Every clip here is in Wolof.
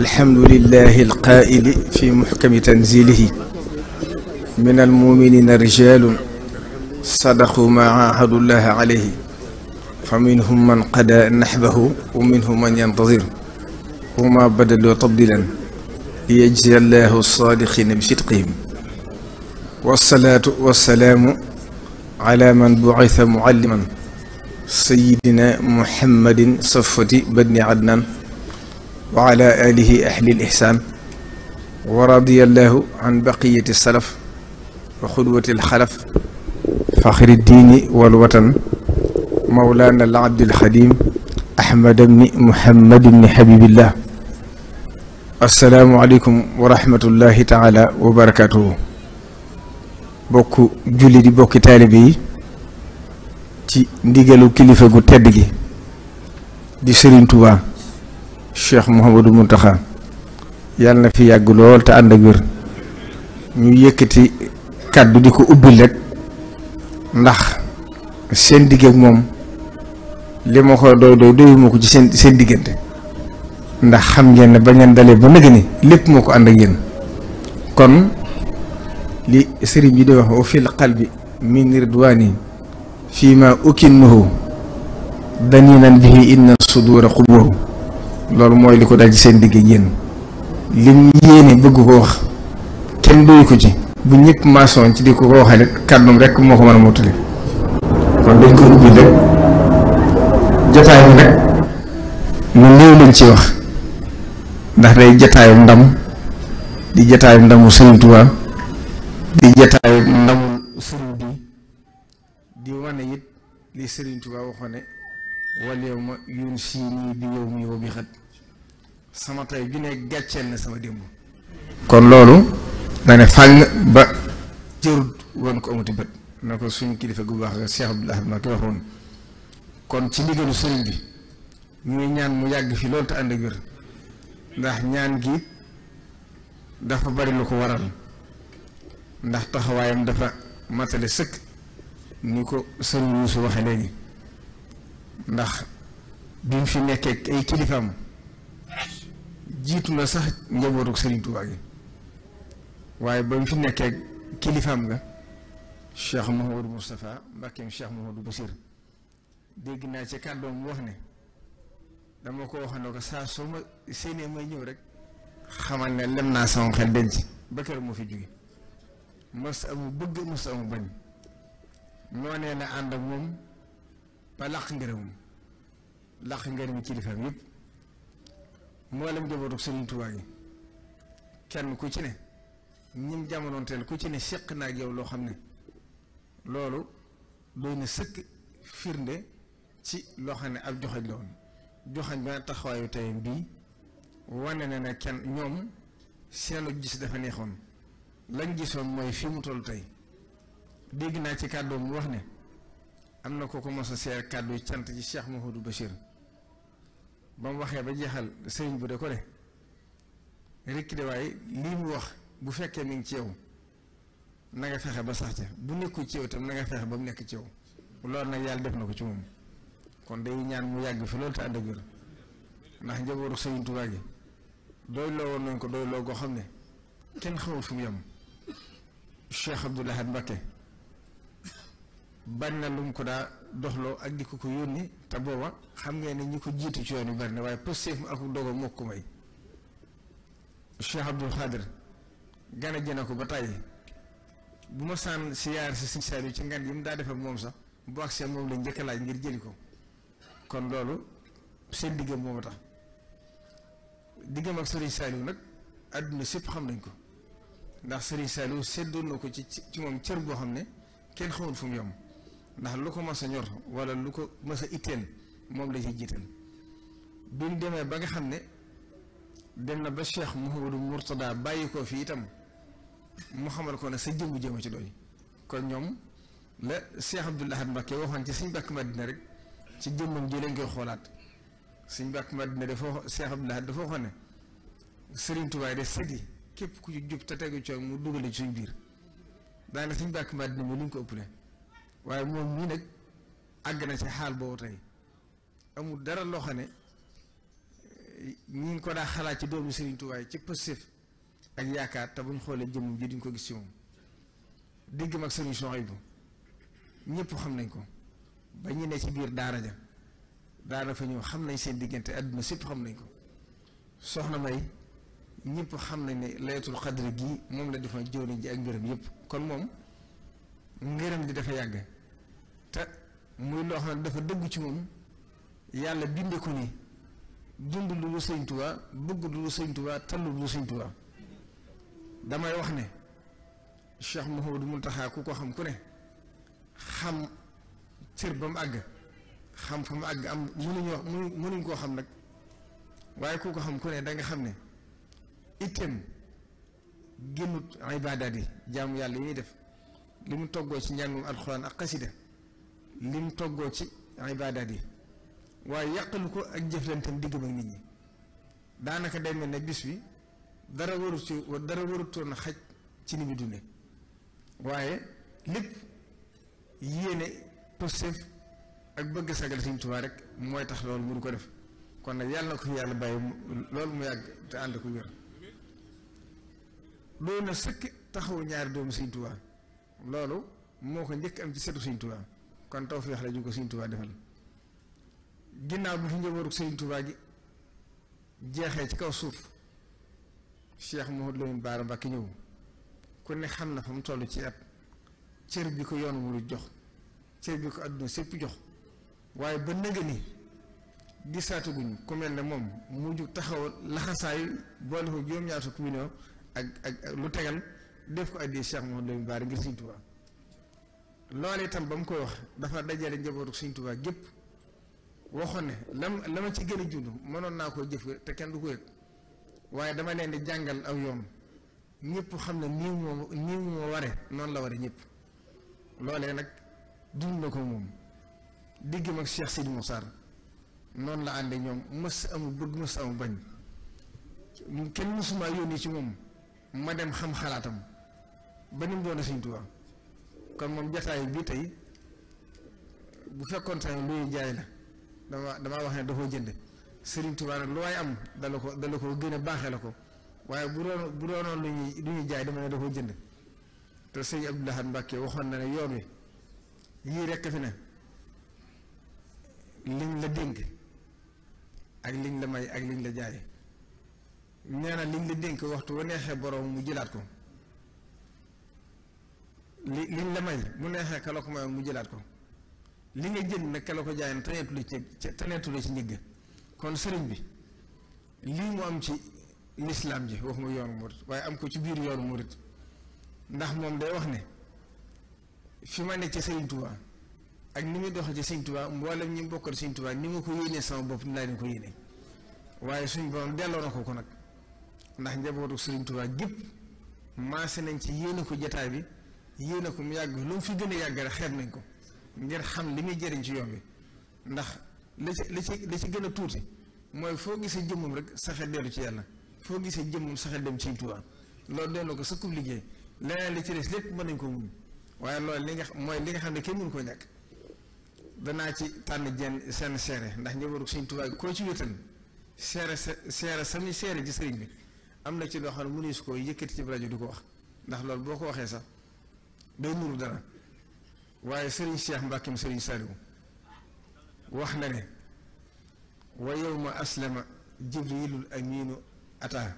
alhamdulillahi alqaa'ili fi muhkami tanzilihi min almuminina rijalun sadaqu ma ahadullah alayhi fa minhum man qada nahbahu wa minhum man yantazir wa ma badaloo tabdilan liyajzi allahu sadiqina bi sidqihim wasalaatu wasalaamu ala man bu'itha mualliman sayyidina muhammadin safati badni adnan wa ala alihi ahli lihsaan wa radiyallahu an baqiyati salaf wa xudwati lxalaf faxri diini walwatan mawlaana al abdilxadim ahmad bni muhammad bni habibillah assalaamu aleykum wa rahmatullahi taala wa barakatuhu bokk julli kilifa gu tedd gi di Sëriñ cheikh Mouhamadou Mountakha yàlla na fi yàgg lool te ànd ak wér ñu yëkkati kàddu di ko ubbil rek ndax seen digg moom li ma ko doy doy doyuma ko ci seen seen diggante ndax xam ngeen ne ba ngeen dalee ba nëgg ni lépp moo ko ànd ak yéen kon li sëriñ bi di wax wa fil bi min ridwani fi ma ukinnuhu daninan bihi inna sudura quburu loolu mooy li ko daj seen digg yéen li yéene bëgg ko wax kenn doyu ko ci bu ñëpp maasoon ci di ko ko waxalit kàddum rek moo ko mën a mottali kon dañ ko ubbi rek jotaay bi nag néew lañ ci wax ndax day jataayu ndam di jataayu ndamu Sëriñ Tuubaa di jataayu ndamu sëriñ bi di wane it li Sëriñ Tuubaa waxoon ne ma yoon sii nii bi yow mi yow sama tey ju ne gàcceel na sama démb kon loolu na ne fàng ba jërut woon ko amati bët na ko suñu kilifa gu baax Cheikh bi Ahad Mbacké waxoon kon ci ndigalu sëriñ bi ñuy ñaan mu yàgg fi loolu te ànd ak ndax ñaan gi dafa bari lu ko waral ndax taxawaayam dafa matale sëkk ni ko sëriñ su waxe léegi ndax bi mu fi nekkee kilifaam jiitu na sax njabootu Serigne Touba gi waaye ba mu fi nekkee kilifaam nga Cheikh Mouhamadou Moustapha Mbakkeem Cheikh Mouhamadou Bassir dégg naa ci kàddoom mu wax ne dama ko wax ne ko saa soo ma séenee may ñëw rek xamal ne lem naa sama xel denc ba kër moo fi jóge mas amu bëgg mas amu bañ noonee la ànd ak moom ba làq ngërëmam làq ngërëm kilifaam yëpp mboolem njabootu Serigne Touba gi kenn ku ci ne ñim jamonoon teel ku ci ne seq na ak yow loo xam ne loolu doy na sëkk firnde ci loo xam ne ab joxañ la woon joxañ ba taxawaayu tey bii wane na ne kenn ñoom seenu gis dafa neexoon lañ gisoon mooy fi mu toll tey dégg naa ci kàddu mu wax ne am na ko ko mos a seer kàddu cant ci Cheikh Mouhamadou Bachir ba mu waxee ba jeexal sëriñ bu de ko ne rekk de lii mu wax bu fekkee mi ngi ci yow na nga fexe ba sax ca bu nekkul ci yow tam na nga fexe ba mu nekk ci yow loolu nag yàlla def na ko ci moom kon day ñaan mu yàgg fi loolu te ànd ak wér ndax njabootu sëriñ Tuubaa gi loo woon nañ ko doy loo goo xam ne kenn xamul fu mu yem Cheikh Abdoul Ahad Mbacké bañ ko daa doxloo ak di ko ko yónni te booba xam ngeen ne ñi ko jiitu ci yoon yu bari na waaye pëstéef ma ak dogo moo ko may Cheikh Abdoul Khadir gane jëna ko ba tàyyi bu ma saan siyaar yaar si Sëñ ci ngan yi mu daa def moom sax boo ak seen moom lañ njëkk laaj ngir jëli ko kon loolu seen diggam moom a tax diggam ak Sëriñ Saaliw nag àdduna sépp xam nañ ko ndax Sëriñ Saaliw seddoon na ko ci ci moom cër boo xam ne kenn xamul fu mu yomb ndax lu ko mas ñor wala lu ko mas a itteel moom la ci jiital biñ demee ba nga xam ne dem na ba Cheikh Mouhamadou Mourtada bàyyi ko fii itam mu xamal ko ne sa jëmbu jëma ci doy kon ñoom la Cheikh Abdoul Ahad Mbacké waxoon ci suñ bàkk Madina rek ci jëmmam ji lañ koy xoolaat suñ bàkk Madina dafa Cheikh Abdoul Ahad dafa waxoon ne Serigne de sëddi képp ku ci jub te tegu coow mu dugale ci suñ biir daanaka suñ bàkk Madina mu luñ ko ëppale waaye moom mii nag àgg na ci xaal boobu tey amul dara loo xam ne ñi ngi ko daa xalaat ci doomu Serigne Touba ci positif ak yaakaar te buñ xoolee jëmm ji duñ ko gis ci moom dégg mag Serigne Souhaïbou ñëpp xam nañ ko ba ñu ci biir daara ja daana fa ñëw xam nañ seen diggante àdduna sépp xam nañ ko soxna May ñëpp xam nañ ne layatul xadri gii moom la defa jëwriñ ji ak mbiram yëpp kon moom ngërëm di dafa yàgg te muy loo xam ne dafa dëgg ci moom yàlla binde ko ni dund lu lu sëñ Tuubaa bëgg lu lu sëñ Tuubaa tallu lu sëñ Tuubaa damay wax ne Cheikh Mouhamadou Mountakha ku ko xam ku ne xam cër ba mu àgg xam fa mu àgg am mënuñu wax mënuñ koo xam nag waaye ku ko xam ku ne danga xam ne itam génnut ibaadaat yi jaamu yàlla yi ñuy def li mu toggoo ci njàngum alxuraan ak xasida li mu toggoo ci ibaadaat yi waaye yàqalu ko ak jëflanteem digg ak nit ñi daanaka day mel ne bis bi dara warut ci dara warutoon xaj ci ni mu waaye lépp yéene pëstéef ak bëgg sagal Sëriñ rek mooy tax loolu mu du ko def kon nag yàlla na ko fi yàlla bàyyi loolu mu yàgg te ànd ko wér doon na sëkk taxawu ñaari doomu Sëriñ Tuubaa loolu moo ko njëkk am ci setu Sëriñ Tuubaa kon tawfeex la ñu ko Sëriñ Tuubaa defal ginnaaw bi fi njabootu Sëriñ Tuubaa jeexee ci kaw suuf Cheikh Mouhamadou Lamine Bara Mbacké ñëw ku ne xam na fa mu toll ci at cër bi ko yoon wu jox cër bi ko àdduna sépp jox waaye ba nëgë ni gisaatuguñ ku mel ne moom mu jug taxaw laxasaayu boole ko juróom-ñaar fukki million ak ak lu tegal def ko addi Cheikh Mouhamadou Lamine Bara ngir Sëñ Tuubaa loolu itam ba mu koy wax dafa dajale njabootu Sëñ Tuubaa gépp waxoon ne lam la ma ci gën a jund mënoon naa koo jëf te kenn ko waaye dama leen di jàngal aw yoon ñëpp xam ne moo ware noonu la ware ñëpp loolee nag dund na ko moom digg mag Cheikh Sidi Moussa noonu la ànde ñoom mës amul bëgg mës amul bañ kenn mësumaa yónni ci moom ma dem xam xalaatam ba ni mu doon Sëriñ Tuubaa kon moom jataay bi tey bu fekkoon sax lu ñuy jaay la dama damaa wax ne da jënd Sëriñ Tuubaa nag lu waay am dala ko dala ko gën a baaxee la ko waaye bu doon bu doonoon lu ñuy jaay dama ne da jënd te sëñ Abdou Lahad waxoon na ne yoon wi yii rekk fi ne liñ la dénk ak liñ la may ak liñ la jaay nee na liñ la dénk waxtu wa neexee borom mu jëlaat ko li liñ la may mu neexee ka la ko mayoon mu jëlaat ko li nga jënd nag ka la ko jaayoon taneetulu ci taneetulu ci njëgg kon sëriñ bi lii mu am ci lislaam ji waxuma yoonu murit waaye am ko ci biir yoonu murit ndax moom day wax ne fi ma nekk ci sëriñ Tuubaa ak ni muy doxee ci sëriñ Tuubaa mboolem ñi bokkal sëriñ Tuubaa ni ma ko yéenee sama bopp naa laa ko yéenee waaye suñ borom delloo na ko ko nag ndax njabootu sëriñ Tuubaa gépp maase nañ ci yéene ko jataay bi yéene ko mu yàgg lu mu fi gën a yàgg rek nañ ko ngir xam li muy jëriñ ci yoon bi ndax la ci la ci gën a tuuti mooy foo gisee jëmmam rek saxee dellu ci yàlla foo gisee jëmmam saxee dem ci Tuubaa loolu doon na ko sëkkub liggéey leneen li ci des lépp mën nañ ko muñ waaye loolu li nga mooy li xam ne kenn mënu koo ñàkk danaa ci tànn jenn seen seere ndax njëbaru suñ Tuubaa koo ci wétan seere sa seere sami seere ci sëriñ bi am na ci loo xam ne mënees koo yëkkati ci rajo di ko wax ndax loolu boo ko waxee sax day nuru dara waaye Serigne Cheikh Mbackeem Serigne Saliou wax na ne wa ma aslama jibrilul aminu ata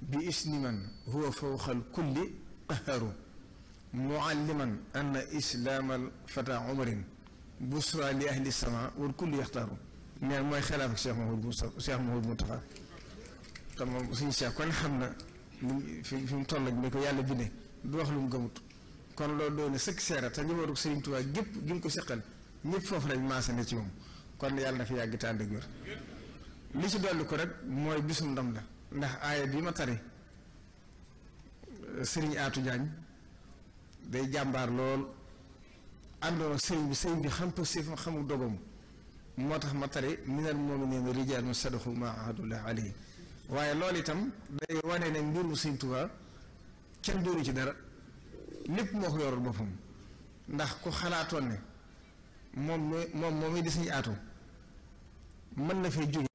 bi isni man huwa fawqal kulli qaharu mualliman anna islaamal fata umarin busra li ahli sama mooy xelaaf ak Cheikh Mahmoud Moustapha Cheikh Mahmoud Moustapha te moom suñu Cheikh kon xam na fi mu toll ak ko yàlla bindee du wax lu mu gëmut kon loolu doon na sëkk seera te njabootu Serigne Touba gépp gi ko seqal ñëpp foofu lañ maase ne ci moom kon yàlla na fi yàgg te ànd li ci dolli ko rek mooy bisum ndam la ndax aaya bi ma tari euh, sëriñ aatu Diagne day jàmbaar lool àndoon na sëriñ bi sëriñ bi xam pasif ma xamul dogom moo tax ma tari minal mu'minina rijaalun sadaqu ma ahadullah alayhi waaye lool itam day wane ne mbir mu Serigne Touba kenn doonu ci dara lépp moo ko yoral boppam ndax ko xalaatoon ne moom moom moom di suñu aatu mën na fee jóge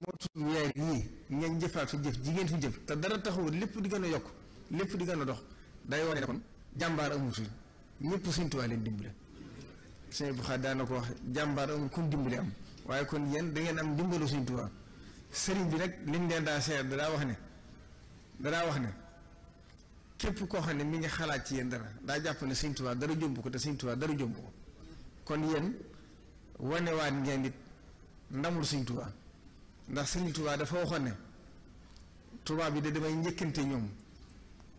mootul weer yii ngeen jëfaat fi jëf jigéen fi jëf te dara taxawul lépp di gën a yokk lépp di gën a dox day wane ne kon jàmbaar amul ñëpp suñu tubaab dimbale sëñ bu xaar ko wax jàmbaar amul kun dimbale am waaye kon yéen da ngeen am dimbalu suñu tubaab sëriñ bi rek liñ leen daa seer dadaa wax ne dadaa wax ne képp koo xam ne mi ngi xalaat ci yéen dara daa jàpp ne Sëñ dara jomb ko te Sëñ Tuubaa dara jomb ko kon yéen wanewaat ngeen it ndamul Sëñ Tuubaa ndax Sëñ Tuubaa dafa waxoon ne tubaab bi de damay njëkkante ñoom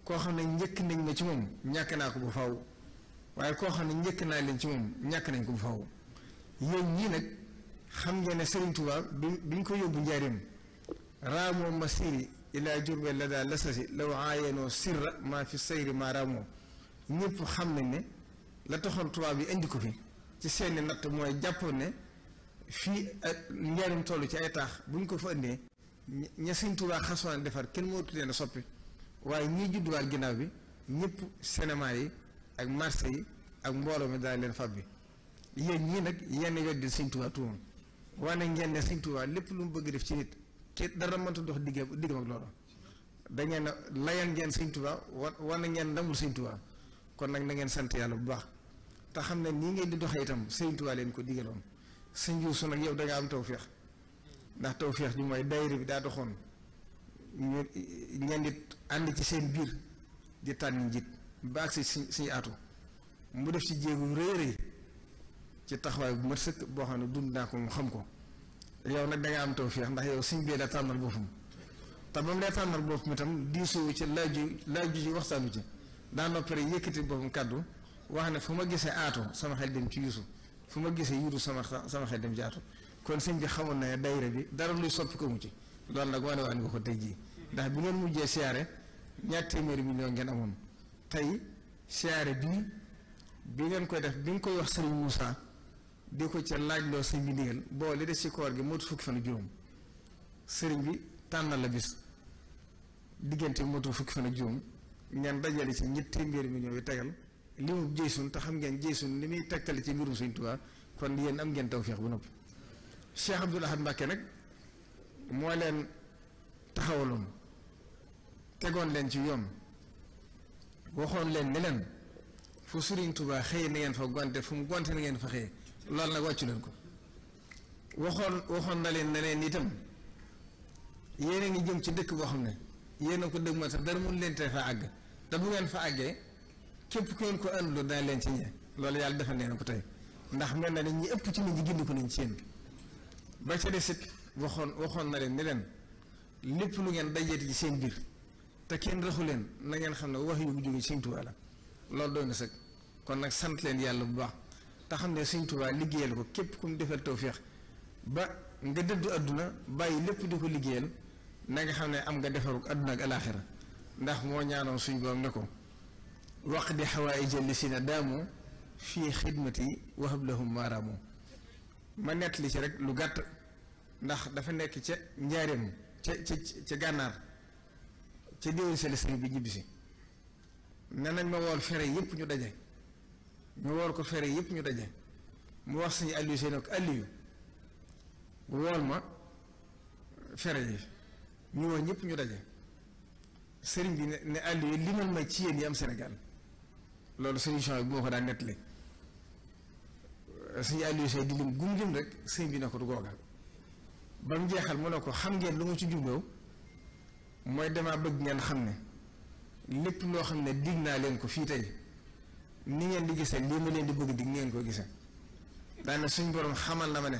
koo xam ne njëkk nañ ma ci moom ñàkk naa ko bu faw waaye koo xam ne njëkk naa leen ci moom ñàkk nañ ko bu faw yéen ñii nag xam ngeen ne Sëriñ Tuubaa bi bi ñu ko yóbbu njaareem raamoo ma siri ilaa jumbe la daa lasasi law aayenoo sirra maa fi sayri maaraamoo ñëpp xam nañ ne la toxoon tubaab yi indi ko fi ci seeni natt mooy jàppoon ne fii ak njariñ toll ci ay taax bu ñu ko fa indee ña sëñ Tuubaa xasoon defar kenn moo tuddee na soppi waaye ñii judduwaat ginnaaw bi ñëpp cinéma yi ak marché yi ak mbooloo mi daal leen fab bi yéen ñii nag yenn weddil sëñ Tuubaa tuumam wane ngeen ne sëñ Tuubaa lépp lu mu bëgg def ci nit te dara mënta dox digg diggam ak loolu da ngeen layal ngeen sëñ Tuubaa wa wane ngeen ndamul sëñ Tuubaa kon nag na sant yàlla bu baax te xam ne nii ngeen di doxee itam sëñ Tuubaa leen ko digaloon sëñ Yuusu nag yow da nga am tawféex ndax tawféex bi mooy daayira bi daa doxoon ñu ànd ci seen biir di tànn njiit ba ak si suñu aatu mu def ci jéegu rëy rëy ci taxawaay bu mat sëkk boo xam ne dund naa ko mu xam ko. yow nag da nga am tawfeex ndax yow suñ bee da tànnal boppam te ba mu dee tànnal boppam itam diisoo ci laaju laaju ji waxtaanu ci daa noppare yëkkati boppam kàddu wax ne fu ma gisee aato sama xel dem ci yuusu fu ma gisee yuudu sama sama xel dem ci aato kon sëñ bi xamoon na dayra bi dara luy soppi ko mu ci loolu nag wane waan nga ko tey jii ndax bi ngeen mujjee siyaare ñaar téeméeri million ngeen amoon tey siyaare bii bi ngeen koy def bi nga koy wax Serigne Moussa. di ko ca laaj loo sëñ bi ndigal boo li des ci koor gi mootu fukki fan juróom sëriñ bi tànnal la bis diggante mootu fukki fan juróom ngeen dajale ci ñetti téeméeri million yu tegal li mu jëy te xam ngeen jëy li muy tegtale ci mbirum Sëriñ Tuubaa kon yéen am ngeen tawféex bu noppi Cheikh Abdoul Ahad Mbacké nag moo leen taxawaloon tegoon leen ci yoon waxoon leen ni leen fu suriñ Tuubaa xëy na ngeen fa gonte fu mu gonte na ngeen fa xëy loolu nag wàccu leen ko waxoon waxoon na leen ne leen itam yéen ngi jëm ci dëkk boo xam ne yéen a ko dëgg ma sax dara mun leen te fa àgg te bu ngeen fa àggee képp ku ko ànduloo daan leen ci ñee loolu yàlla defal nee na ko tey ndax mel na ne ñi ëpp ci nit ñi gindi ko nañ ci yéen ba ca des it waxoon waxoon na leen ni leen lépp lu ngeen dajeeti ci seen biir te kenn raxu leen na ngeen xam ne wax yu bu jógee ci la loolu doon na sëg kon nag sant leen yàlla bu baax te xam ne Sëñ Tuubaa liggéeyal ko képp ku mu defal tawféex ba nga dëddu àdduna bàyyi lépp di ko liggéeyal na nga xam ne am nga defaru àdduna ak alaaxira ndax moo ñaanoo suñ boom ne ko wax di xawaay jël si na daamu fii xidmati wahab lahum maaraamu ma nett li ci rek lu gàtt ndax dafa nekk ca njaareem ca ca ca gànnaar ca déwén sali sëriñ bi ñibbisi ne nañ ma wool fere yépp ñu daje ñu wool ko fere yëpp ñu daje mu wax suñu alliou seen ak alliou wool ma fere yi ñu woo ñëpp ñu daje sëriñ bi ne ne alliou yi limal ma ci yéen yi am Sénégal loolu solution bi moo ko daan nettali suñu alliou seen di gum lim rek sëriñ bi ne ko du googa ba jeexal mu ne ko xam ngeen lu mu ci jubloo mooy damaa bëgg ngeen xam ne lépp loo xam ne digg naa leen ko fii tey ni ngeen di gisee lii ma leen di bëgg di ngeen ko gisee daana suñ boroom xamal na ma ne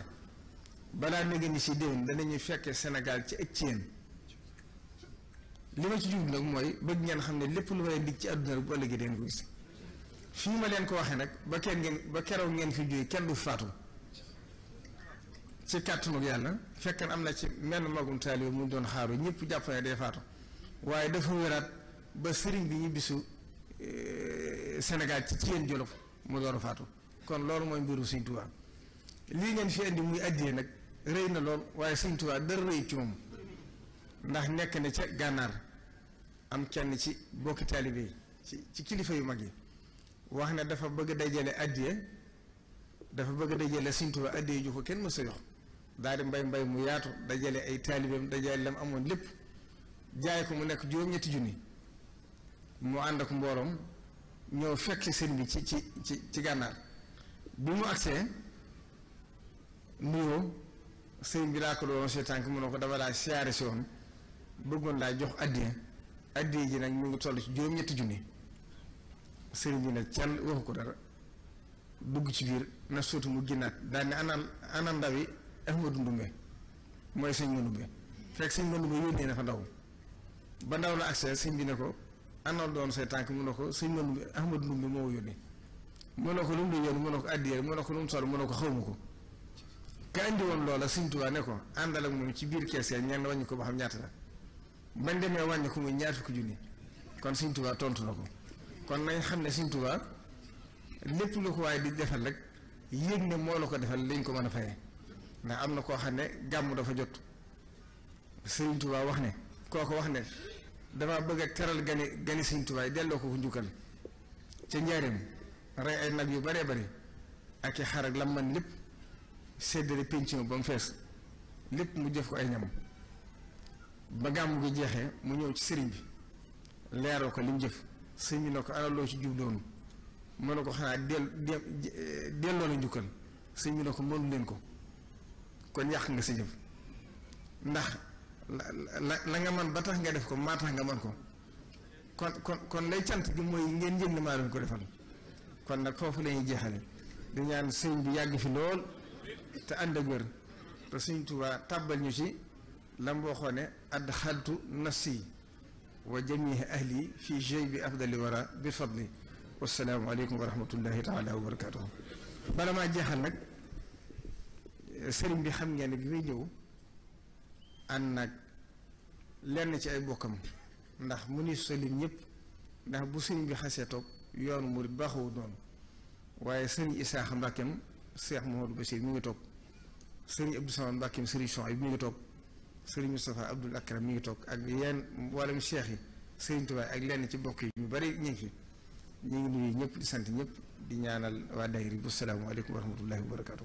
balaa négé ni si déwén danañu fekkee Sénégal ci ak ci yéen li ma ci jub nag mooy bëgg ngeen xam ne lépp lu ma leen dig ci àdduna rek bu ëllëgee deen ko gis fii ma leen ko waxee nag ba kenn ba keroog ngeen fi jógee kenn du faatu ci kàttanu yàlla fekk am na ci menn magum taalibe mu doon xaaru ñëpp jàpp ne day faatu waaye dafa wéraat ba sëriñ bi ñu bisu eh, senegal ci ci yéen Jolof mu door a faatu kon loolu mooy mbiru Sëñ Tuubaa lii ngeen fi indi muy addiyee nag rëy na lool waaye Sëñ Tuubaa dara rëy ci moom ndax nekk na ca gànnaar am kenn ci bokki taalibe yi ci ci kilifa yu mag yi wax ne dafa bëgg dajale addiyee dafa bëgg dajale Sëñ Tuubaa addiyee ju ko kenn mësa yox daal di mbay mbay mu yaatu dajale ay taalibeem dajale lam amoon lépp jaay ko mu nekk juróom-ñetti junni mu ànd ak mbooloom ñoo fekk ci bi ci ci ci gànnaar bi mu agsee nuyoo sëñ bi laa ko doon si tànk mu ko dama laa siyaare si woon bëggoon laa jox addiya addiya ji nag mu ngi toll ci juróom-ñetti junni sëriñ bi nag cal waxu ko dara dugg ci biir na suutu mu ginnaat daal ne ana ana ndawi Ahmadu Ndumbe mooy sëñ Mandumbe fekk sëñ Mandumbe yónnee na fa ndaw ba ndaw la agsee sëñ bi ne ko ana doon say tànk mu ne ko sëñ man Ahmadu Ndumbe moo yónni mu ne ko lu mu doon yónni mu ne ko addiya mu ne ko lu mu sol mu ne ko xawma ko ka woon loola sëñ ne ko àndal ak moom ci biir kees ya ñenn wàññi ko ba ñaata la bañ demee wàññi ko muy ñaar fukki kon sëñ tontu na ko kon nañ xam ne sëñ Tuubaa ko waaye di defal rek yéeg moo la ko defal lañ ko mën a fayee ndax am na koo xam ne gàmm dafa jot sëñ Tuubaa wax ne kooku wax ne damaa bëgg a teral gani gani Sëñ Tuubaa delloo ko ko njukkal ca njaareem rey ay nag yu baree bari ak i xar ak lam man lépp séddale pension ba mu fees lépp mu jëf ko ay ñam ba gàmmu gi jeexee mu ñëw ci sëriñ bi leeroo ko li mu jëf sëñ na ko ana loo ci jubloonu mu ne ko xanaa del delloo la njukkal sëñ bi ko mënu ko kon yàq nga sa jëf ndax la la nga man ba tax nga def ko maa tax nga man ko kon kon kon lay cant gi mooy ngeen yëg maa leen ko defal kon nag foofu lañuy ñuy jeexale di ñaan sëñ bi yàgg fi lool te ànd ak wér te sëñ Tuubaa tàbbal ñu ci lam boo xoo ne add xaltu nafsi wa jamii ahli fi jey bi afdali wara bi fadli wassalaamu aleykum wa rahmatullahi taala wa barakatuhu bala maa jeexal nag sëriñ bi xam ngeen ne bi muy ñëw ànd nag lenn ci ay bokkam ndax mu ni sëliñ ñëpp ndax bu sëñ bi xasee toog yoonu murit baaxawut noonu waaye sëriñ Isaaxa Mbàkkeem Seex Muhamadu Basiir mi ngi toog sëriñ Abdou Samad Mbàkkeem sëriñ Soxay mi ngi toog sëriñ Moustapha Abdoul Akram mi ngi toog ak yenn mboolem cheikh yi sëriñ Tuubaa ak lenn ci bokk yi ñu bari ñu ngi fi ñu ngi di sant ñépp di ñaanal waa daayira bu salaamu aleykum wa rahmatullahi wa barakaatu.